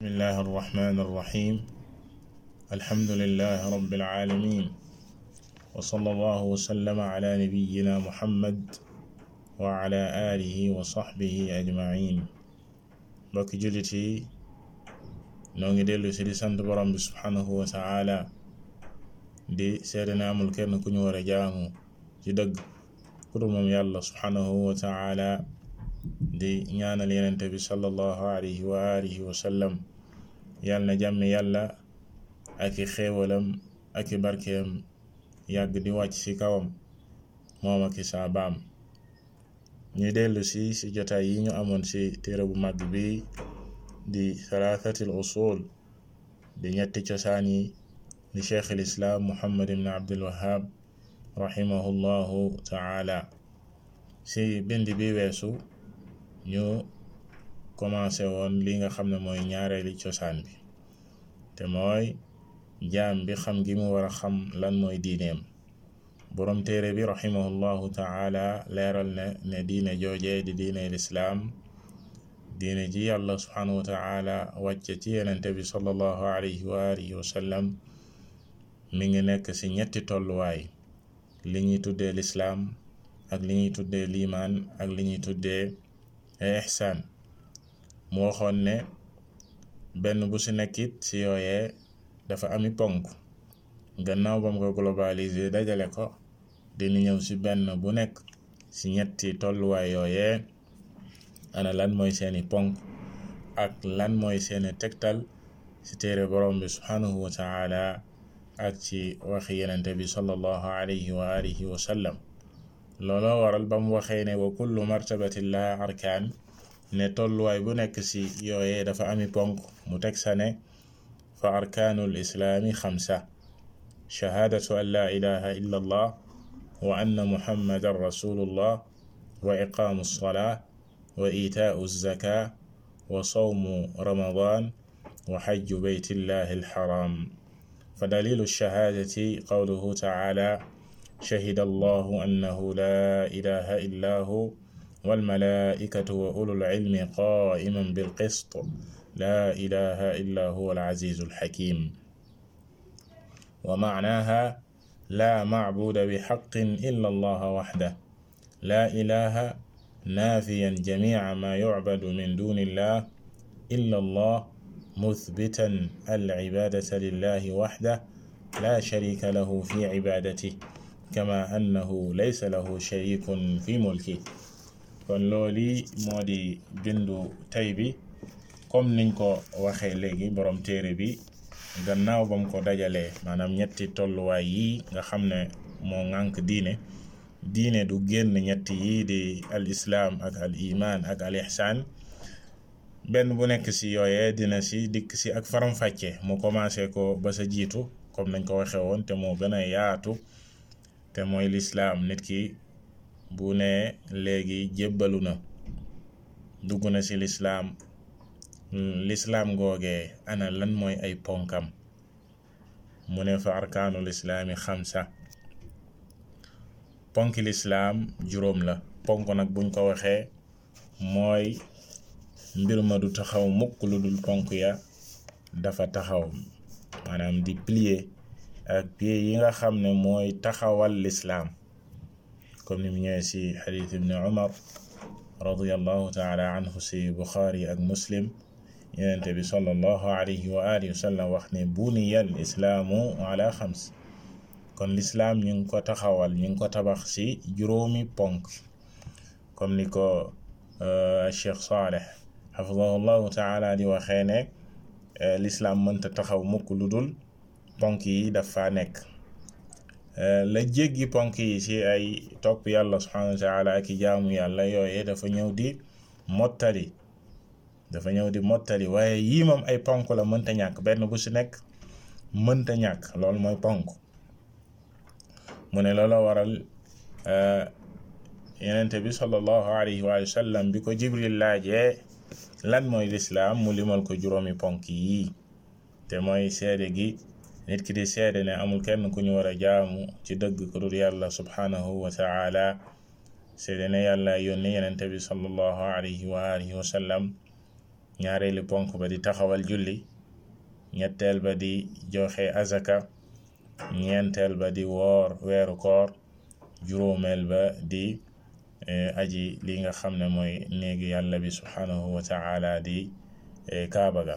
bismillahi arrahmani irrahim alhamdulilahi rabiilalamin wasala allahu wasallama ala nabiyina muhammad wa ala alihi wa saxbihi ajmain mbokki jullit yi noo ngi dellu si di sant borom bi subhaanahu wa taala di seede na amul kenn ku ñu war a jaamu ci dëgg ku dul moom yàlla subhaanahu wa taala di ñaanal yenente bi sallallahu alayhi wa alihi wa sallam yàlla na jàmm yàlla ak i xéewalam ak i yàgg di wàcc ci kawam moom ak saabaam ñu dellusi si si jotaay yi ñu amoon si téere bu màgg bi di thalathatil usul di ñetti cosaan yi di cheikh al islaam muhammad ibn abdul wahab rahimahullahu taala si bind bi weesu ñu commencé woon li nga xam ne mooy ñaareeli cosaan bi te mooy jaam bi xam gi mu war a xam lan mooy diineem boroom téere bi rahimahullahu taala leeral ne ne diine joojee di diine lislaam diine ji yàlla subhanahu wa wacce ci yenente bi sallallahu alayhi wa mi ngi nekk ci ñetti tolluwaay li tuddee lislaam ak li ñuy tuddee liimaan ak li ñuy tuddee ihsaan mu waxoon ne benn bu ci nekk ci yooyee dafa ami ponk gannaaw bam ko globalisé dajale ko dina ñëw ci benn bu nekk ci ñetti tolluwaay yooyee ana lan mooy seeni ponk ak lan mooy seeni tegtal ci téere borom bi subhanahu wa ak ci waxi yenente bi sallallahu alayhi wa alihi looloo waral ba mu waxee ne wa kullu martabatin laha arkaan ne tolluwaay bu nekk ci yooyee dafa ami ponk mu teg sa ne fa arkaanul islaami xamsa shahaadatu an laa ilaha illa allah wa anna muhammadan rasulullah wa iqaamu salaa wa itaau zaka wa sawmu ramadan wa xajju baytillahi alxaram fa dalilu shahaadati qawluhu taala shahida allahu annahu laa ilaha illa hu walmalaikatu wa ulul ilmi qaiman bil qist laa ilaha illa huwa alazizu alxakim wa macnaha laa macbuda bixaqin illa allaha waxdah laa ilaha naafiyan jamica maa yucbadu min duni illah illa allah muthbitan alcibaadata lillahi waxdah laa sharika lahu fi cibaadatihi kama annahu laysa lahu sharikun fi mulki kon looli moo di bindu tey bi comme niñ ko waxee léegi borom téere bi gannaaw bam ko dajalee maanaam ñetti tolluwaay yi nga xam ne moo ŋànk diine diine du génn ñetti yi di al ak al ak al ihsan benn bu nekk ci yooyee dina ci dikk ci ak faram mu commencé ko ba sa jiitu comme nañ ko waxee woon te moo gën a yaatu te mooy lislaam nit ki bu ne léegi jébbalu na dugg na ci lislaam lislaam googee ana lan mooy ay ponkam mu ne fa arkaanul islaami xamsa ponki lislaam juróom la ponk nag buñ ko waxee mooy mbir ma du taxaw mukk lu dul ponk ya dafa taxaw maanaam di plier ak téye yi nga xam ne mooy taxawal lislaam comme ni mu ñëwee si xadiis ibni umar radiallahu taala si buxaari ak muslim yonent bi sallallahu alayhi wa alihi wa wax ne buniya al islaamu ala xams kon lislaam ñu ngi ko taxawal ñu ngi ko tabax si juróomi ponk comme ni ko euh, cheikh saaleh xafidahu llahu taala di waxee ne euh, lislaam mënta taxaw mukk lu dul ponk yi dafa nekk euh, la jéggi ponk yi ci ay topp yàlla subhanahu wa taala ak jaamu yàlla yooye dafa ñëw di mottali dafa ñëw di mottali waaye yii moom ay ponk la mënta ñàkk benn bu ci nekk mënta ñàkk loolu mooy ponk mu ne loola waral euh, yenente bi sallallahu alayhi wa sallam bi ko jibril laajee lan mooy lislaam mu limal ko juróomi ponk yii te mooy seede gi nit ki di seede ne amul kenn ku ñu war a jaamu ci dëgg ku dul yàlla subhanahu wa taala seede ne yàlla yónni yenente bi alayhi wa alihi wa sallam ñaareelu ponk ba di taxawal julli ñetteel ba di joxe azaka ñeenteel ba di woor weeru koor juróomeel ba di e, aji li nga xam ne mooy néegi yàlla bi subhanahu wa taala di e, kaaba ga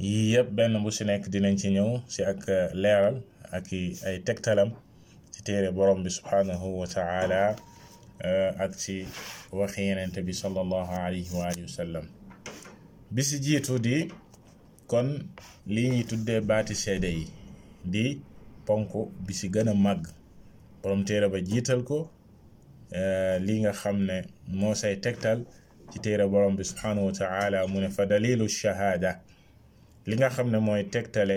yii yëpp benn bu si nekk dinañ ci ñëw si ak euh, leeral ak ay tegtalam ci téere borom bi subhanahu wa euh, ak ci waxi yenente bi sallallahu alayhi wa alihi bi si jiitu di kon li ñuy tuddee baati seede yi di ponk bi si gën a màgg borom téere ba jiital ko euh, lii nga xam ne moo say tegtal ci téere borom bi subhanahu wa mu ne fa dalilu shahaada li nga xam ne mooy tegtale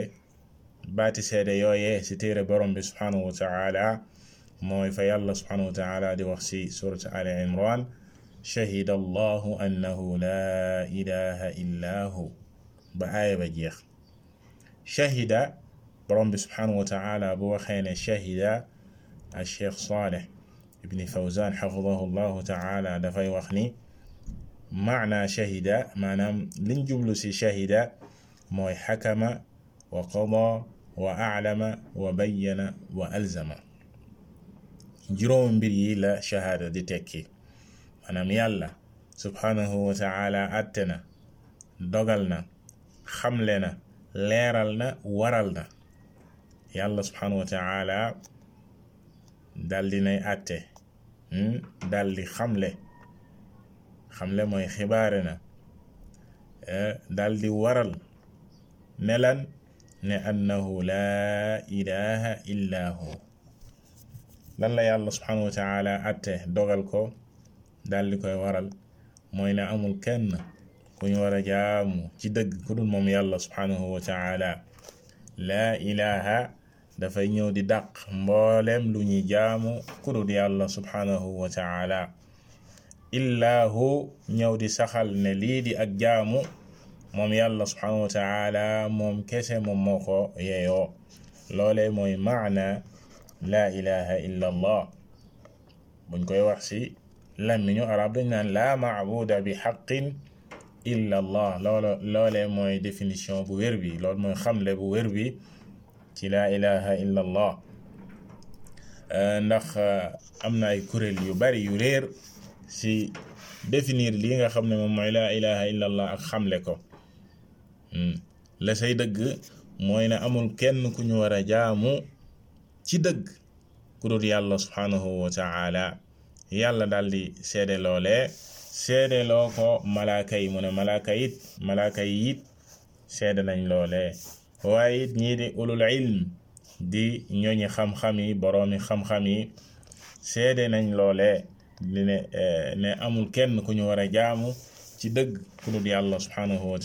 baati seede yooyee si téere borom bi subhanahu wa taala mooy fa yàlla subhanahu taala di wax ci surat ali imran shahida allahu annahu laa ilaha illa ba aaya ba jeex shahida borom bi subhanahu taala bu waxee ne shahida al cheikh saaleh ibni fawzan xafidahu dafay wax ni maanaam liñ jublu ci shahida mooy xakama wa qada wa aalama wa bayyana wa alzama juróom mbir yi la shahaada di tekki maanaam yàlla subhanahu wa taala àtte na dogal na xamle na leeral na waral na yàlla subhanahu wa taala daldi nay àtte hmm, daldi xamle xamle mooy xibaare na eh, daldi waral ne ne annahu laa ilaha illa hu lan la yàlla subhanahu wa taala dogal ko daal di koy waral mooy na amul kenn ku ñu war a jaamu ci dëgg ku moom yàlla subhanahu wa taala laa ilaha dafay ñëw di daq mboolem lu ñuy jaamu ku dul yàlla subhanahu wa taala ñëw di saxal ne lii di ak jaamu moom yàlla subhanahu wa taala moom kese moom moo ko yeeyoo loole mooy maana laa ilaha illa allah buñ koy wax si làmmiñu arab dañ naan laa bi xaqin illa loole mooy définition bu wér bi loolu mooy xamle bu wér bi ci laa ilaha illa euh, ndax euh, am na ay kuréel yu bari yu réer si définir lii nga xam ne moom mooy laa ilaha illa allah ak xamle ko Mm. la say dëgg mooy ne amul kenn ku ñu war a jaamu ci dëgg ku dul yàlla subhaanahu wa yàlla daal di loole loolee seede loo ko malaaka yi mu ne malaaka it malaaka yi it seede nañ loole waaye it ñii di ulul ilm di ñooñi xam-xam yi boroomi xam-xam yi seede nañ loole di ne eh, ne amul kenn ku ñu war a jaamu ci dëgg ku dul yàlla subhaanahu wa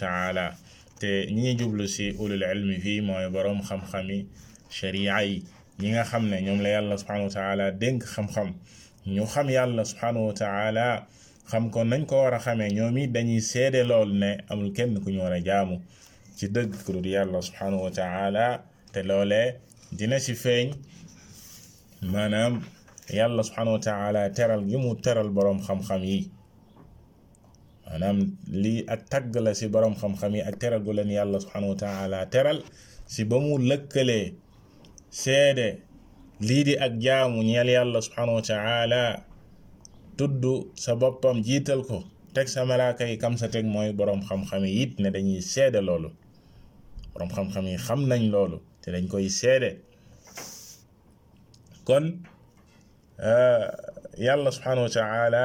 te ñi ñuy jublu si ulul ilmi fii mooy boroom xam-xami sharia yi ñi nga xam ne ñoom la yàlla subhanahu wa taala dénk xam-xam ñu xam yàlla subhanahu wa taala xam ko nañ ko war a xamee ñoom it dañuy seede lool ne amul kenn ku ñu war a jaamu ci dëgg ku dul yàlla te loole dina si feeñ maanaam yàlla subhanahu wa taala teral gi mu teral boroom xam-xam yi maanaam lii ak tagg la si borom xam-xam yi ak teral gu leen yàlla subhanahu wa taala teral si ba mu lëkkalee seede lii di ak jaamu ñeel yàlla subhanahu wa taala tudd sa boppam jiital ko teg sa malaaka yi kam sa teg mooy borom xam-xam yi it ne dañuy seede loolu borom xam-xam yi xam nañ loolu te dañ koy seede kon euh, yàlla subhanahu wa taala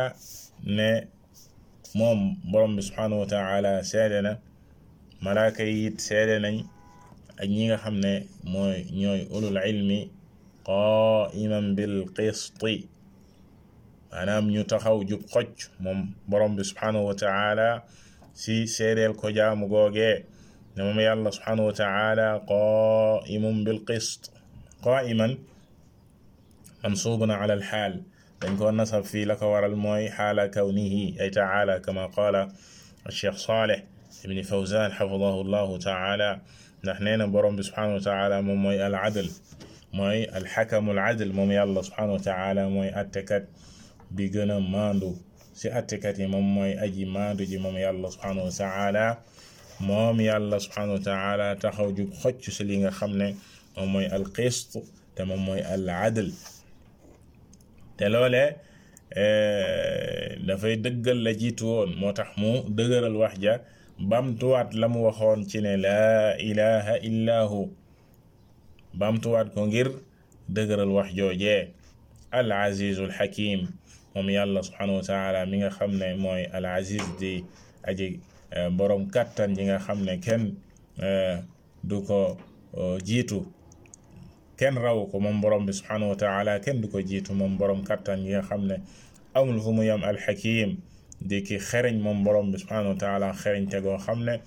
ne moom borom bi subhanahu wa taala seede na malaaka yi seede nañ ak ñi nga xam ne mooy ñooy ulul ilmi qaiman bil qisti maanaam ñu taxaw jub xocc moom borom bi wa taala si seedeel ko jaamu googee ne moom yàlla subhanahu wa taala qaimun bil qist qaiman mansuubun ala alxaal dañ ko nasab fii la ko waral mooy xaala kawnihi ay taala kama qaala cheikh saleh ibni fawzan xafidahu llahu taala ndax nee na borom bi subhanahu wa taala moom mooy al adl mooy alxakamu al adl moom yàlla subhanahu wa taala mooy attekat bi gën a maandu si attekat yi moom mooy aji maandu ji moom yàlla subhanahu wa taala moom yàlla subhanahu wa taala taxaw ju xocc si li nga xam ne moom mooy al qist te moom mooy al adl te loolee eh, dafay dëggal la jiitu woon moo tax mu dëgëral wax ja bamtuwaat la mu waxoon ci ne laa ilaha illa bamtuwaat ko ngir dëgëral wax jooje al azizul hakim moom yàlla subhanahu wa taala mi nga xam ne mooy al aziz di aji eh, boroom kàttan ji nga xam ne kenn eh, du ko jiitu kenn rawu ko moom borom bi subhanahu wa taala kenn du ko jiitu moom borom kattan gi nga xam ne amul fu mu yem alxakim di ki xereñ moom borom bi subhanahu wa taala xereñ te goo xam ne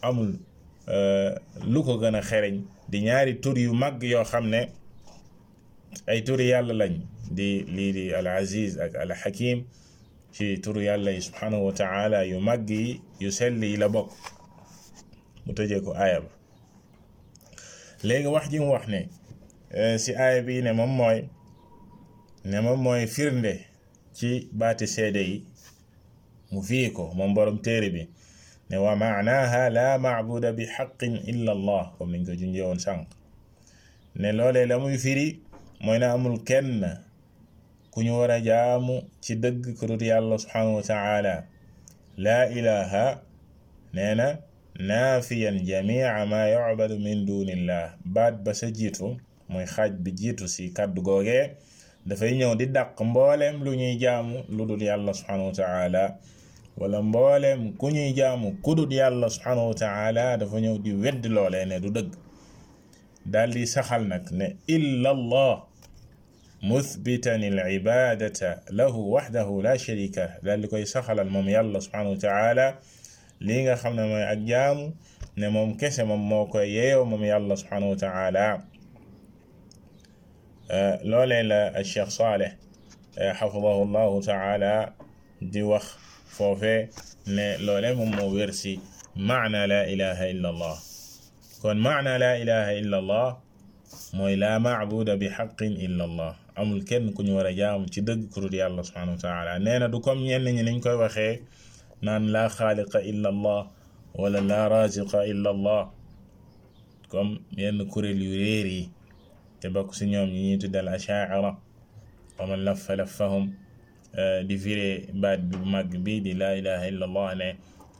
amul euh, lu ko gën a xereñ di ñaari tur yu màgg yoo xam ne ay turi yàlla lañ di liiri di al ak al ci turu yàlla yi subhanahu wa yu màgg yi yu sell yi la bokk mu tëjee ko aaya ba wax ji mu wax ne Eh, si aaya bi ne moom mooy ne mooy firnde ci baati seede yi mu fii ko moom borom téere bi ne wa maanaha laa maabuda bi xaqin illa allah comme niñ ko junjee woon sànq ne loolee la muy firi mooy na amul kenn ku ñu war a jaamu ci dëgg ku dut yàlla subhanahu taala laa ilaha nee na naafiyan jamia ma yucbadu min dunillah baat ba sa mooy xaaj bi jiitu si kàddu googee dafay ñëw di dàq mbooleem lu ñuy jaamu lu dul yàlla subhanahu wa taala jaamu ku dul dafa ñëw di weddi loolee ne du dëgg daal di saxal nag ne illa allah muthbitan al ibadata lahu waxdahu la sharika daal di koy saxalal moom yàlla subhanahu wa taala lii nga xam ne ne moom kese moom moo koy yeeyoo moom yàlla subhanahu wa taala Euh, loolee la Cheikh Saleh xafidahullahu euh, taala di wax foofe loole moo wér si maana laa ilaha illa kon maana laa ilaha illa mooy laa maabuda bi xaqin illa amul kenn ku ñu war a jaamu ci dëgg ku dul yàlla subhanahu wa taala nee na du comme ñenn ñi niñ koy waxee naan laa xaaliqa illa allah wala laa raziqa illa allah comme yenn kuréel yu réer te bokk si ñoom ñi ñuy tuddal achaara wa man lafa lafahum euh, di viré baat bi màgg bii di laa ilaha illa allah ne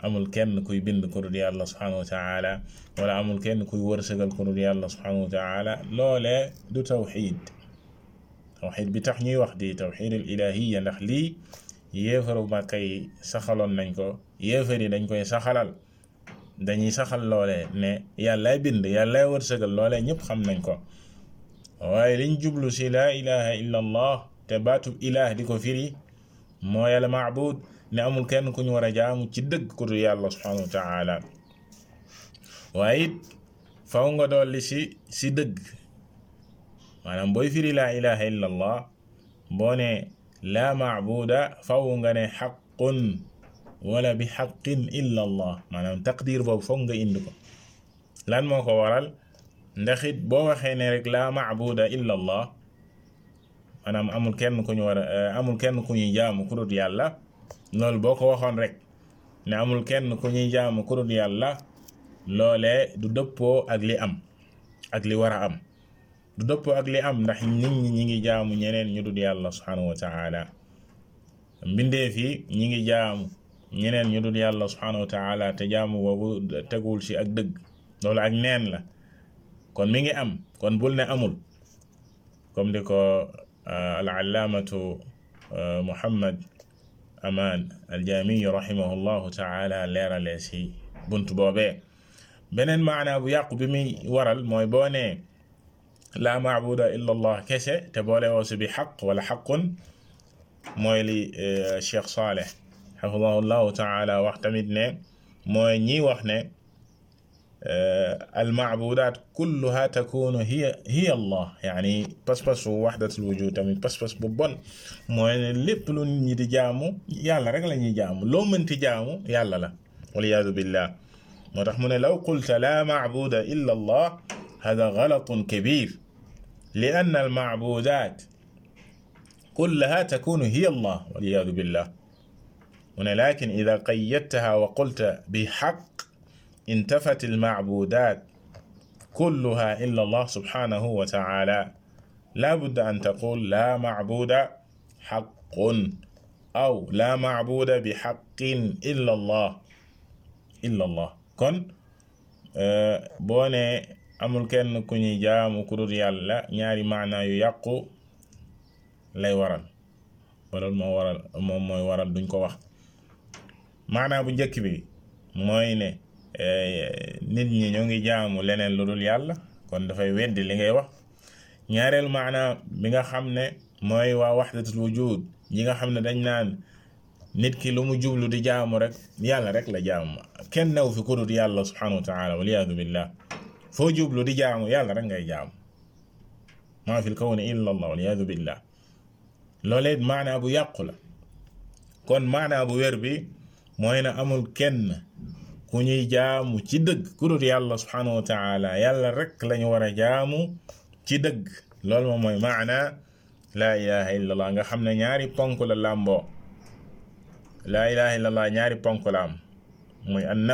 amul kenn kuy bind ku dul yàlla subhanahu wa taala wala amul kenn kuy wërsëgal ku dul yàlla subhanahu wa taala loole du tawxid tawxid bi tax ñuy wax di tawxid al ilahiya ndax lii yéefaru yi saxaloon nañ ko yéefar yi dañ koy saxalal dañuy saxal loole ne yàllaay bind yàllaay wërsëgal loole ñëpp xam nañ ko waaye liñ jublu ci laa ilaha illa te baatub ilaah di ko firi mooy al maabud ne amul kenn ku ñu war a jaamu ci dëgg ku dul yàlla subhanahu wa taala waaye it faw nga dolli ci ci dëgg maanaam booy firi laa ilaha illa allah boo ne laa maabuda faw nga ne bi xaqin illa allah maanaam taqdir boobu foog nga indi ko lan moo ko waral ndax it boo waxee ne rek laa maabuda illa allah maanaam amul kenn ku ñu war a eh, amul kenn ku ñuy jaamu ku dul yàlla loolu boo ko waxoon rek amul kenn ku ñuy jaamu ku dul yàlla du dëppoo ak li am ak li war a am du dëppoo ak li am ndax nit ñi ngi jaamu ñeneen ñu dul yàlla subhanahu wa taala mbindeef yi ñi ngi jaamu ñeneen ñu dul yàlla subhanahu wa taala te jaamu boobu teguwul ci ak dëgg loolu ak neen la kon mi ngi am kon bul ne amul comme di ko al euh, allaamatu euh, muhammad amaan aljaamiyu rahimahu llahu taala si bunt boobee beneen bu yàqu bi muy waral mooy boo nee laa maabuda illa allah kese te boole woo si bi xaq wala xaqun mooy li euh, cheikh saleh xafidahu llahu taala wax tamit ne mooy ñi wax ne almaabudaat kulluha takunu hiya hiya allah yaani pas-pasu wahdatul wujud tamit pas-pas bu bon mooy ne lépp lu nit ñi di jaamu yàlla rek la ñuy jaamu loo mënti jaamu yàlla la waliyaadu billah moo tax mu ne law qulta laa maabuda illa allah hada galatun kabir li ann almaabudaat كلها تكون هي الله والعياذ بالله هنا لكن إذا قيدتها وقلت بحق intafat almacbudat kulluha illa allah subhanahu wa taala la budda an taqul la macbuda xaqun aw la macbuda bi xaqin illa allah illa allah kon boo ne amul kenn ku ñuy jaamu ku dul yàlla ñaari maana yu yàqu lay waral wala moo waral moom mooy waral duñ ko wax maana bu njëkk bi mooy ne nit ñi ñoo ngi jaamu leneen lu dul yàlla kon dafay weddi li ngay wax ñaareel maana bi nga xam ne mooy waa waxdatul wujud ñi nga xam ne dañ naan nit ki lu mu jublu di jaamu rek yàlla rek la jaamu kenn new fi ku yàlla subhanahu wa taala waliyaadu billah foo jublu di jaamu yàlla rek ngay jaamu maa fi l kawni bu yàqula la kon maanaa bu wér mooy na amul kenn ku ñuy jaamu ci dëgg ku dul yàlla subhanahu wa yàlla rek lañu war a jaamu ci dëgg loolu moom mooy maana laa ilaha illallah nga xam ne ñaari ponk la làmboo laa ilaha illallah ñaari ponk la am mooy an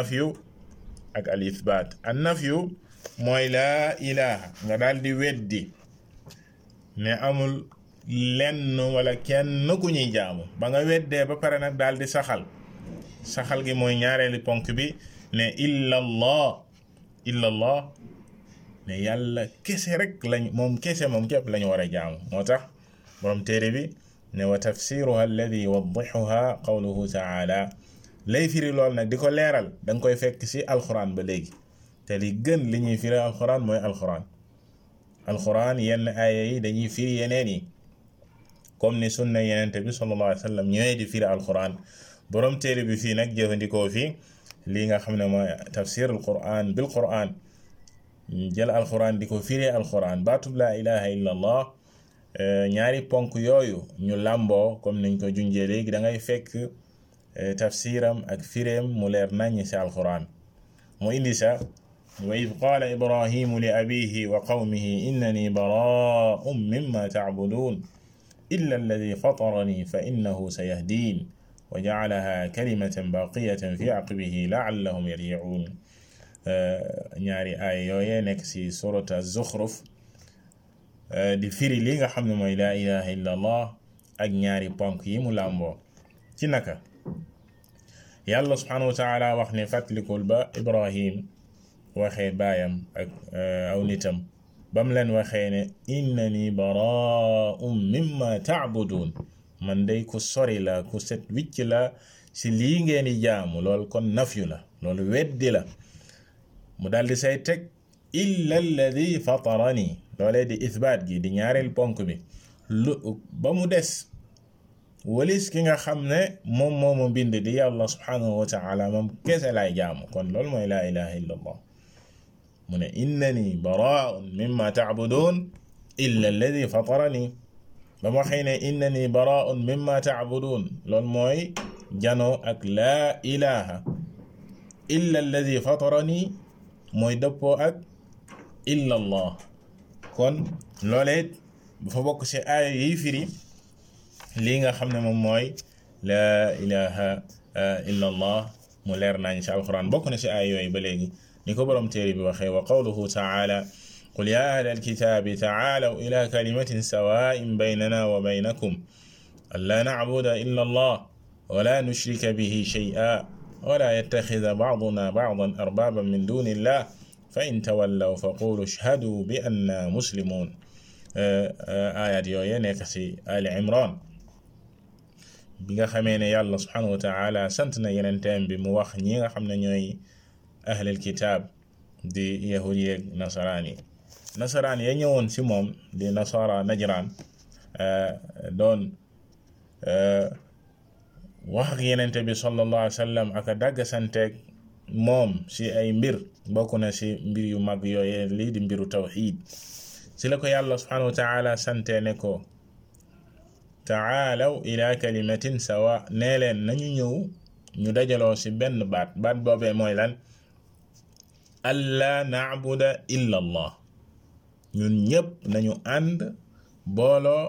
ak al ithbaat mooy laa ilaha nga daal di weddi ne amul lenn wala kenn ku ñuy jaamu ba nga weddee ba pare nag daal di saxal sa xal gi mooy ñaareeli ponk bi ne illa allah illa allah ne yàlla kese rek lañ moom kese moom képp lañu war a jaamu moo tax borom téere bi ne wa tafsiruha alladi yuwaddihuha qawluhu taala lay firi lool nag di ko leeral danga koy fekk si alxuraan ba léegi te li gën li ñuy firi alxuraan mooy alxuraan alxuraan yenn aaya yi dañuy firi yeneen yi comme ni sunna yenente bi sallallahu alayhi wa firi alxuraan borom téere bi fii nag jëfandikoo fii lii nga xam ne mooy tafsir al quran bil quran jël alquran di ko firee alquran baatub laa ilaha illa allah eh, ñaari ponk yooyu ñu làmboo comme niñ ko junjee léegi da ngay fekk eh, tafsiram ak fireem mu leer naññ si alquran mu indi sa wa id qaala ibrahimu li abihi wa qawmihi innani baraa'un mimma ta'budun illa alladi fatarani fa innahu sayahdin wa jaalaha kalimatan baqiyatan fi aqibihi laallahum yarji'un ñaari aaya yooyee nekk ci surata zuxruf di firi li nga xam ne mooy laa ilaha illa allah ak ñaari ponk yi mu làmboo ci naka yàlla subhanahu wa taala wax ne fàttalikul ba ibrahim waxee baayam ak euh, aw nitam bam leen waxee ne innani baraa'un mimma ta'budun man day ku sori la ku set wicc la si lii ngeen di jaamu lool kon nafyu la lool weddi la mu daldi say teg illa alladi fatarani loolee di isbaat gi di ñaareel ponk bi lu ba mu des walis ki nga xam ne moom mu bind di yàlla subhanahu wa jaamu kon lool mooy laa ilaha illa allah mu ne innani baraaun mimma tacbuduun illa alladi fatarani ba mu waxee ne innani bara'un mimma ta'budun loolu mooy janoo ak laa ilaha illa alladi fatarani mooy dëppoo ak illa allah kon looleet dafa bokk ci aaya yiy firi lii nga xam ne moom mooy laa ilaha eh, illa allah mu leer nañ ci alquran bokk na ci aaya yooyu ba léegi ni ko borom téere bi waxee wa qawluhu ta'ala قل يا أهل الكتاب تعالوا إلى كلمة سواء بيننا وبينكم ألا نعبد إلا الله ولا نشرك به شيئا ولا يتخذ بعضنا بعضا أربابا من دون الله فإن تولوا فقولوا اشهدوا بأننا مسلمون aayaat yooye nekk ci Ali Imran bi nga xamee ne yàlla subhanahu wa taala sant na yenenteem bi mu wax ñi nga xam ne ñooy ahlul kitaab di yahud yeeg nasaraan yi nasaraan yee ñëwoon ci moom di nasara najraan eh, doon eh, wax ak yenente bi sallallahu ak a moom ci ay mbir bokk na ci mbir yu mag yooyee lii di mbiru tawxiid ci la ko yàlla subhanahu wa taala sante ne ko taalaw ila kalimatin sawa nee nañu ñëw ñu dajaloo ci benn baat baat boobee mooy lan allaa naabuda illa allah ñu ñépp nañu ànd booloo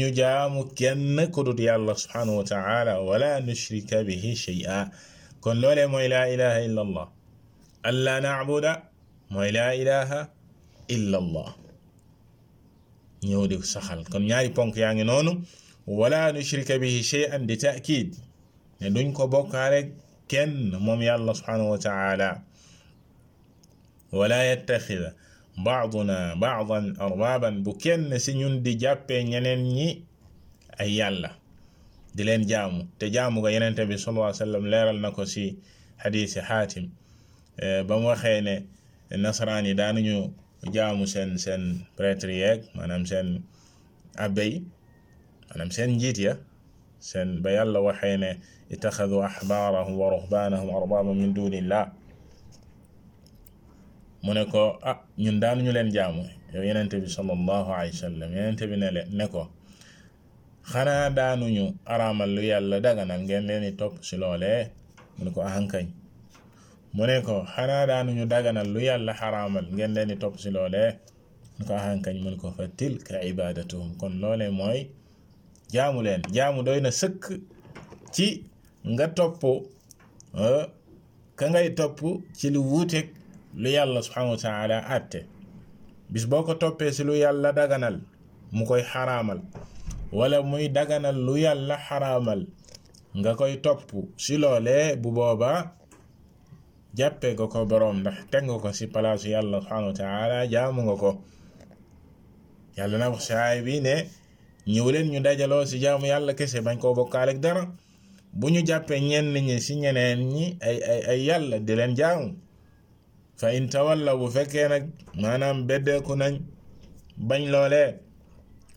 ñu jaamu kenn ku dut yàlla subhanahu wa taala wala nushrika bihi shay'a kon loolee mooy laa ilaha illa allah an laa naabuda mooy laa ilaha illa allah ñëw di saxal kon ñaari ponk yaa ngi noonu wala nushrika bihi shay'an di taakid ne duñ ko bokkaale kenn moom yàlla subhanahu wa taala wala yattaxida baaduna baadan arbaaban bu kenn si ñun di jàppee ñeneen ñi ay yàlla di leen jaamu te jaamu nga yeneen bi sallallahu leeral na ko si xadiisi xaatim e, ba mu waxee ne nasaraan yi daanuñu jaamu seen seen prêtre yeeg maanaam seen abbé yi maanaam seen njiit ya seen ba yàlla waxee ne ittaxadu axbaarahum wa ruhbaanahum arbaaban min duunillah mu ne ko ah ñun daanuñu leen jaamu yow yenente bi sallallahu alayhi wa sallam yenente bi ne leen ne ko xanaa daanuñu araamal lu yàlla daganal ngeen leen di topp si loolee mu ne ko ahankañ mu ne ko xanaa daanuñu daganal lu yàlla xaraamal ngeen leen di topp si mu ne ko ah, ibadatuhum kon loole mooy jaamu leen jaamu doy na sëkk ci nga topp ah, ka ngay topp ci lu wuuteeg lu yàlla subhanahu wa taala àtte bis boo ko toppee si lu yàlla daganal mu koy xaramal wala muy daganal lu yàlla xaramal nga koy topp si loolee bu boobaa jàppee nga ko boroom ndax teg nga ko si palaasu yàlla subhanahu wa jaamu nga ko yàlla na wax si aay bi ne ñëw leen ñu dajaloo si jaamu yàlla kese bañ koo bokkaaleeg dara bu ñu jàppee ñenn ñi si ñeneen ñi ay ay ay yàlla di leen jaamu fa in tawallaw bu fekkee nag maanaam beddeeku nañ bañ loolee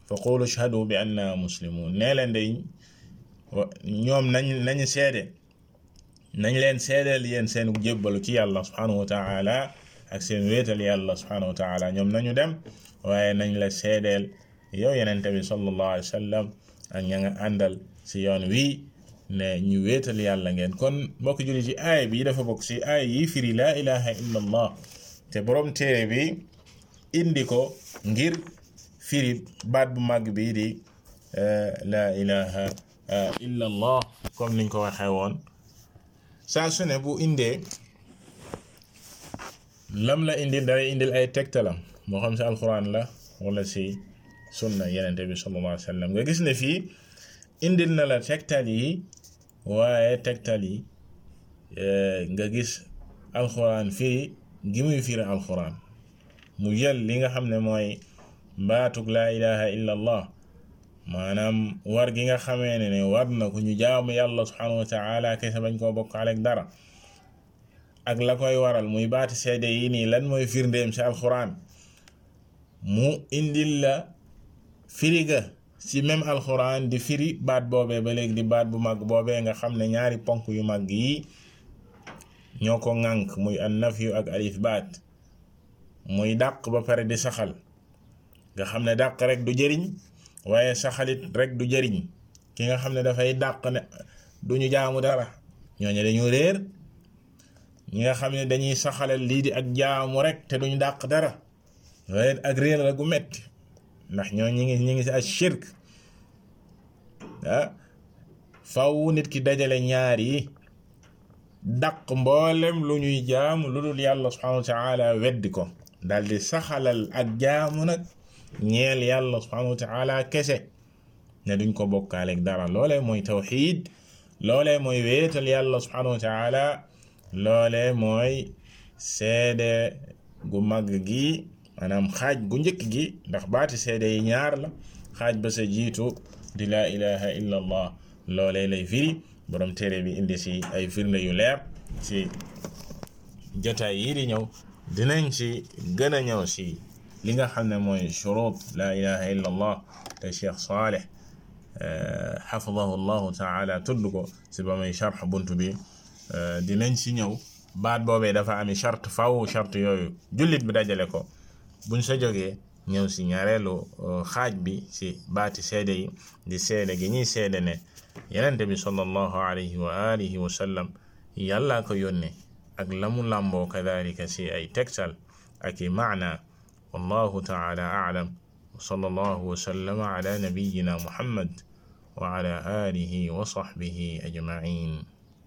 fa qulu ashhadu bi anna muslimun nee leen ñoom nañ nañu seede nañ leen seedeel yéen seen jébbalu ci yàlla subhanahu wa taala ak seen wéetal yàlla subhanahu wa taala ñoom nañu dem waaye nañ la seedeel yow yenente bi sallallahu alayhi ne ñu wéetal yàlla ngeen kon mbokk jullit yi aay bi dafa bokk ci aay yi firi laa ilaha illa te boroom téere bi indi ko ngir firi baat bu màgg bi di eh, laa ilaha eh, illa allah niñ ko waxee woon saa su ne bu indee lam la indi dara indil ay tegtalam moo xam ci alquran la wala ci sunna yenente bi sallallahu wa sallam nga gis ne fii indil na la tegtal yi waaye tegtal yi eh, nga gis alxuraan firi gi muy firi alxuraan mu jël li nga xam ne mooy baatug laa ilaha maanaam war gi nga xamee ne ne war na ku ñu jaamu yàlla subhanahu wa taala kese bañ koo bokkaale ak dara ak la koy waral muy baati seede yi nii lan mooy firndeem ci alxuraan mu indil la firiga ci même alxuraan di firi baat boobee ba léegi di baat bu màgg boobee nga xam ne ñaari ponk yu màgg yi ñoo ko ŋànk muy an nafyu ak al ithbaat muy dàq ba pare di saxal nga xam ne dàq rek du jëriñ waaye saxalit rek du jëriñ ki nga xam ne dafay dàq ne duñu ñu jaamu dara ñooñu dañu réer ñi nga xam ne dañuy saxalal lii di ak jaamu rek te duñu dàq dara waaye ak réer la gu metti ndax ñoo ñi ngi ñi ngi si ak shirk ah faw nit ki dajale ñaar yi daq mboolem lu ñuy jaamu lu dul yàlla subhanahu wa taala weddi ko daldi saxalal ak jaamu nag ñeel yàlla subhanahu wa taala kese ne duñ ko bokkaaleeg dara loolee mooy tawxiid loolee mooy wéetal yàlla subhanahu wa taala mooy seede gu mag gi maanaam xaaj gu njëkk gi ndax baati seede yi ñaar la xaaj ba sa jiitu di laa ilaha illa allah lay firi borom téere bi indi si ay firnde yu leer si jotaay yii di ñëw dinañ si gën a ñëw si li nga xam ne mooy shurut laa ilaha illa allah te cheikh saaleh xafidahu eh, llahu taala tudd ko si ba muy charx bunt bi eh, dinañ si ñëw baat boobe dafa ami charte faw charte yooyu jullit bi dajale ko buñ sa jógee ñëw si ñaareelu euh, xaaj bi si baati seede yi di seede gi ñuy seede ne yenente bi sallallahu alayhi wa alihi wa ko yónne ak lamu làmboo kadalika si ay tegtal ak i maana wallahu taala aalam wa sallallahu wa sallama ala nabiyina muhammad wa ala